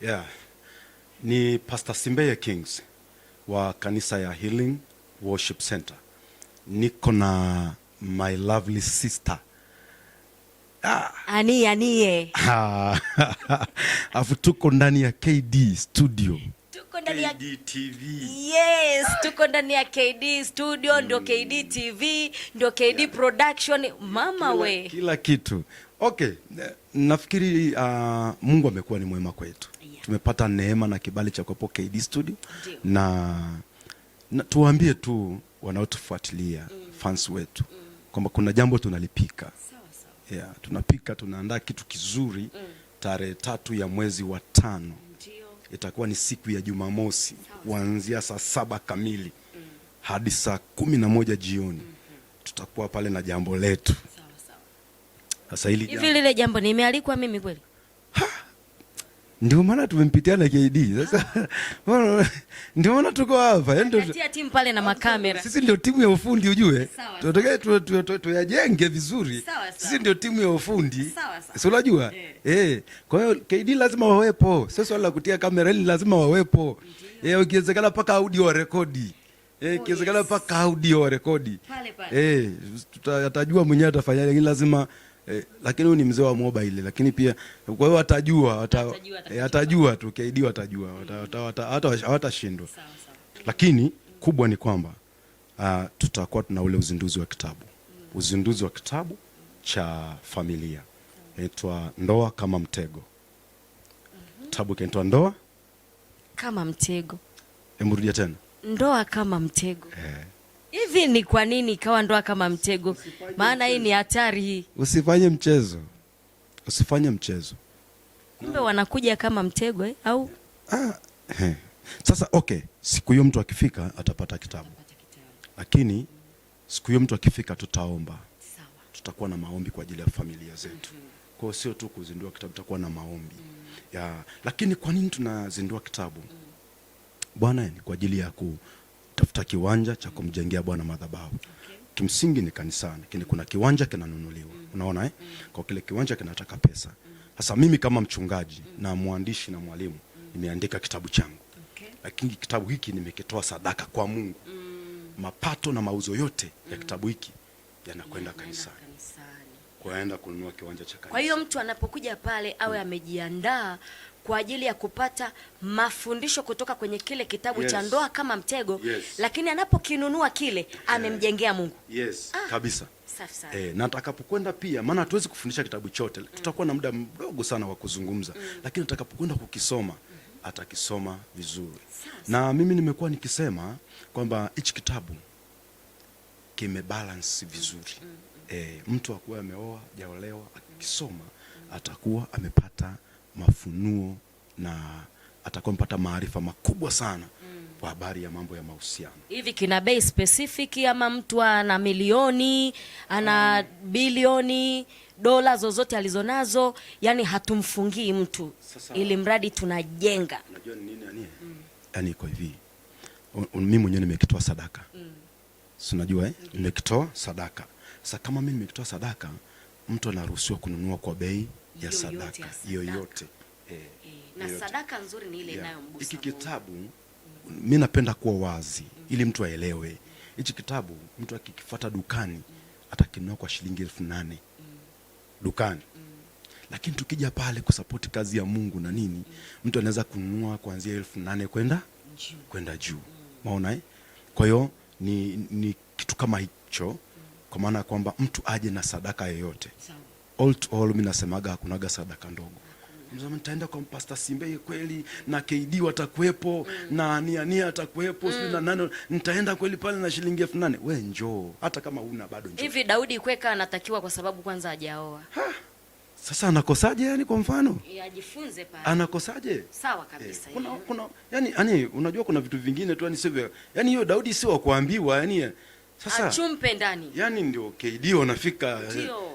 Yeah. Ni Pastor Simbeye Kings wa kanisa ya Healing Worship Center. Niko na my lovely sister ah. Ani anie ah. afu tuko ndani ya KD studio tuko ndani ya KD TV. Yes, tuko ndani ya KD studio mm. Ndio KD TV, ndio KD yeah. Production mama kila, we kila kitu Okay, nafikiri uh, Mungu amekuwa ni mwema kwetu yeah. Tumepata neema na kibali cha kuwepo KD Studio na, na tuwaambie tu wanaotufuatilia mm. fans wetu mm. kwamba kuna jambo tunalipika sawa, sawa. Yeah, tunapika tunaandaa kitu kizuri mm. tarehe tatu ya mwezi wa tano Ndiyo. Itakuwa ni siku ya Jumamosi kuanzia saa saba kamili mm. hadi saa kumi na moja jioni mm -hmm. tutakuwa pale na jambo letu sasa hili hivi lile jambo nimealikwa mimi kweli? Ndio maana tumempitia na KD. Sasa bwana ndio maana tuko hapa. Yaani ndio tia timu pale na makamera. Sisi ndio timu ya ufundi ujue. Tunataka tuyajenge vizuri. Sisi ndio timu ya ufundi. Si unajua? Eh. eh. Kwa hiyo KD lazima wawepo. Sio swala la kutia kamera, ili yaani lazima wawepo. Eh, ukiwezekana paka audio wa rekodi. Eh, oh, ukiwezekana paka audio wa rekodi. Pale pale. Eh, tutajua mwenyewe atafanyaje, lakini lazima eh, lakini huyu ni mzee wa mobile, lakini pia kwa hiyo atajua, eh, atajua tu KD atajua hawatashindwa. Lakini kubwa ni kwamba uh, tutakuwa tuna ule uzinduzi wa kitabu, mm. uzinduzi wa kitabu cha familia inaitwa Ndoa kama Mtego. Mm-hmm. Kitabu kinaitwa Ndoa kama Mtego. Hebu rudia tena, Ndoa kama Mtego eh hivi ni kwa nini ikawa ndoa kama mtego? Maana hii ni hatari hii, usifanye mchezo, usifanye mchezo. Kumbe wanakuja kama mtego eh? au ah, Sasa okay, siku hiyo mtu akifika atapata kitabu, lakini siku hiyo mtu akifika tutaomba, tutakuwa na maombi kwa ajili ya familia zetu. Mm-hmm. Kwa hiyo sio tu kuzindua kitabu, tutakuwa na maombi mm-hmm. ya. Lakini kwa nini tunazindua kitabu mm-hmm. bwana? Ni kwa ajili ya ku tafuta kiwanja cha kumjengea Bwana madhabahu. Okay. Kimsingi ni kanisani, kile kuna kiwanja kinanunuliwa. Mm. Unaona eh? Mm. Kwa kile kiwanja kinataka pesa. Mm. Sasa mimi kama mchungaji mm. na mwandishi na mwalimu mm. nimeandika kitabu changu. Okay. Lakini kitabu hiki nimekitoa sadaka kwa Mungu. Mm. Mapato na mauzo yote mm. ya kitabu hiki yanakwenda kanisani. Kanisani. Kwaenda kununua kiwanja cha kanisa. Kwa hiyo mtu anapokuja pale awe mm. amejiandaa kwa ajili ya kupata mafundisho kutoka kwenye kile kitabu yes. cha ndoa kama mtego yes. Lakini anapokinunua kile eh. amemjengea Mungu yes. ah. kabisa E, na atakapokwenda pia, maana hatuwezi kufundisha kitabu chote mm. tutakuwa na muda mdogo sana wa kuzungumza mm. lakini atakapokwenda kukisoma mm. atakisoma vizuri Sasa. Na mimi nimekuwa nikisema kwamba hichi kitabu kimebalance vizuri mm. E, mtu akuwa ameoa jaolewa akisoma mm. atakuwa amepata mafunuo na atakuwa amepata maarifa makubwa sana mm. kwa habari ya mambo ya mahusiano. Hivi kina bei specific ama mtu ana milioni ana mm. bilioni dola zozote alizonazo, yani hatumfungii mtu sasa, ili mradi tunajenga. Unajua ni nini yani? Mm. Yani iko hivi, mimi mwenyewe nimekitoa sadaka mm. si unajua eh? Nimekitoa sadaka sasa, kama mimi nimekitoa sadaka, mtu anaruhusiwa kununua kwa bei ya sadaka yoyote eh, eh na Sadaka nzuri ni ile inayomgusa. Hiki kitabu mi napenda kuwa wazi mm ili mtu aelewe hichi mm kitabu mtu akikifuata dukani mm atakinunua kwa shilingi elfu nane mm dukani mm lakini tukija pale kusapoti kazi ya Mungu na nini mm mtu anaweza kununua kuanzia elfu nane kwenda kwenda juu mm maona eh? kwa hiyo ni, ni kitu kama hicho mm kwa maana ya kwamba mtu aje na sadaka yoyote Sa all to all, mimi nasemaga hakunaga sadaka ndogo. Mzama, Nitaenda kwa Mpasta Simbeye kweli na KD watakuwepo mm. na niania atakuwepo mm. na nani, nitaenda kweli pale na shilingi elfu nane we njoo, hata kama una bado njoo. Hivi Daudi Kweka anatakiwa kwa sababu kwanza hajaoa sasa anakosaje? Yani kwa mfano yajifunze pale, anakosaje? Sawa kabisa eh, kuna, kuna, yani, yani unajua kuna vitu vingine tu yani sivyo, yani hiyo Daudi sio wa kuambiwa yani eh, sasa achumpe ndani yani ndio KD wanafika eh, ndio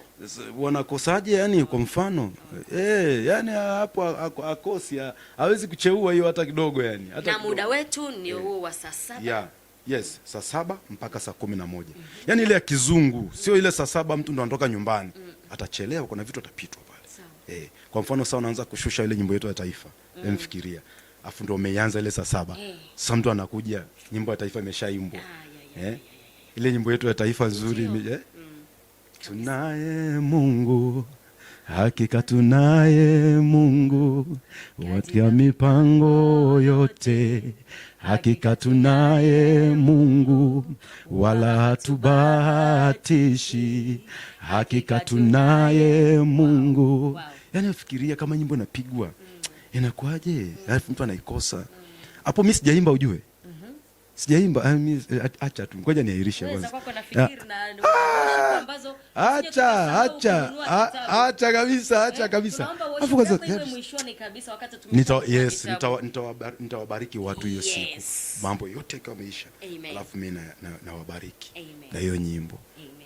wanakosaje? Yani kwa mfano eh, yani hapo akosi hawezi kucheua hiyo hata kidogo yani, hata na muda wetu ni eh. huo wa saa saba yeah. Yes, saa saba mpaka saa kumi na moja mm -hmm. Yaani ile ya kizungu mm -hmm. Sio ile saa saba mtu ndo anatoka nyumbani mm -hmm. Atachelewa, kuna vitu atapitwa pale eh, kwa mfano saa unaanza kushusha ile nyimbo yetu ya taifa mm -hmm. Mfikiria afu ndo umeanza ile saa saba hey. Eh. Sasa mtu anakuja nyimbo ya taifa imeshaimbwa ah, yeah, yeah, eh? yeah, yeah, yeah. Ile nyimbo yetu ya taifa nzuri Tunaye Mungu, hakika tunaye Mungu watia mipango yote, hakika tunaye Mungu wala hatubahatishi, hakika tunaye Mungu. Yani fikiria kama nyimbo inapigwa inakuwaje, alafu mtu anaikosa hapo. Mi sijaimba ujue Sijaimba, eh, acha tu, ngoja niahirishe kwanza. Ah! Acha, acha, acha kabisa, acha eh, kabisa. Alafu kwanza yes, nitawabariki watu hiyo siku, mambo yote yakiwa yameisha, alafu mimi nawabariki na hiyo nyimbo.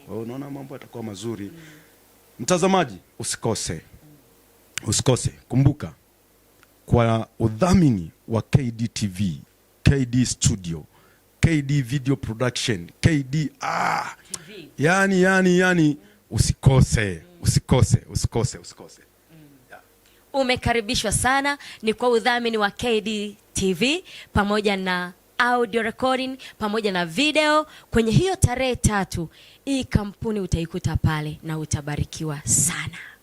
Unaona mambo yatakuwa mazuri. Mm. Mtazamaji, usikose, usikose. Kumbuka kwa udhamini wa KDTV, KD Studio KD Video Production, KD ah, yani yani yani, usikose mm. usikose usikose usikose. Mm. Umekaribishwa sana, ni kwa udhamini wa KD TV pamoja na audio recording pamoja na video kwenye hiyo tarehe tatu. Hii kampuni utaikuta pale na utabarikiwa sana.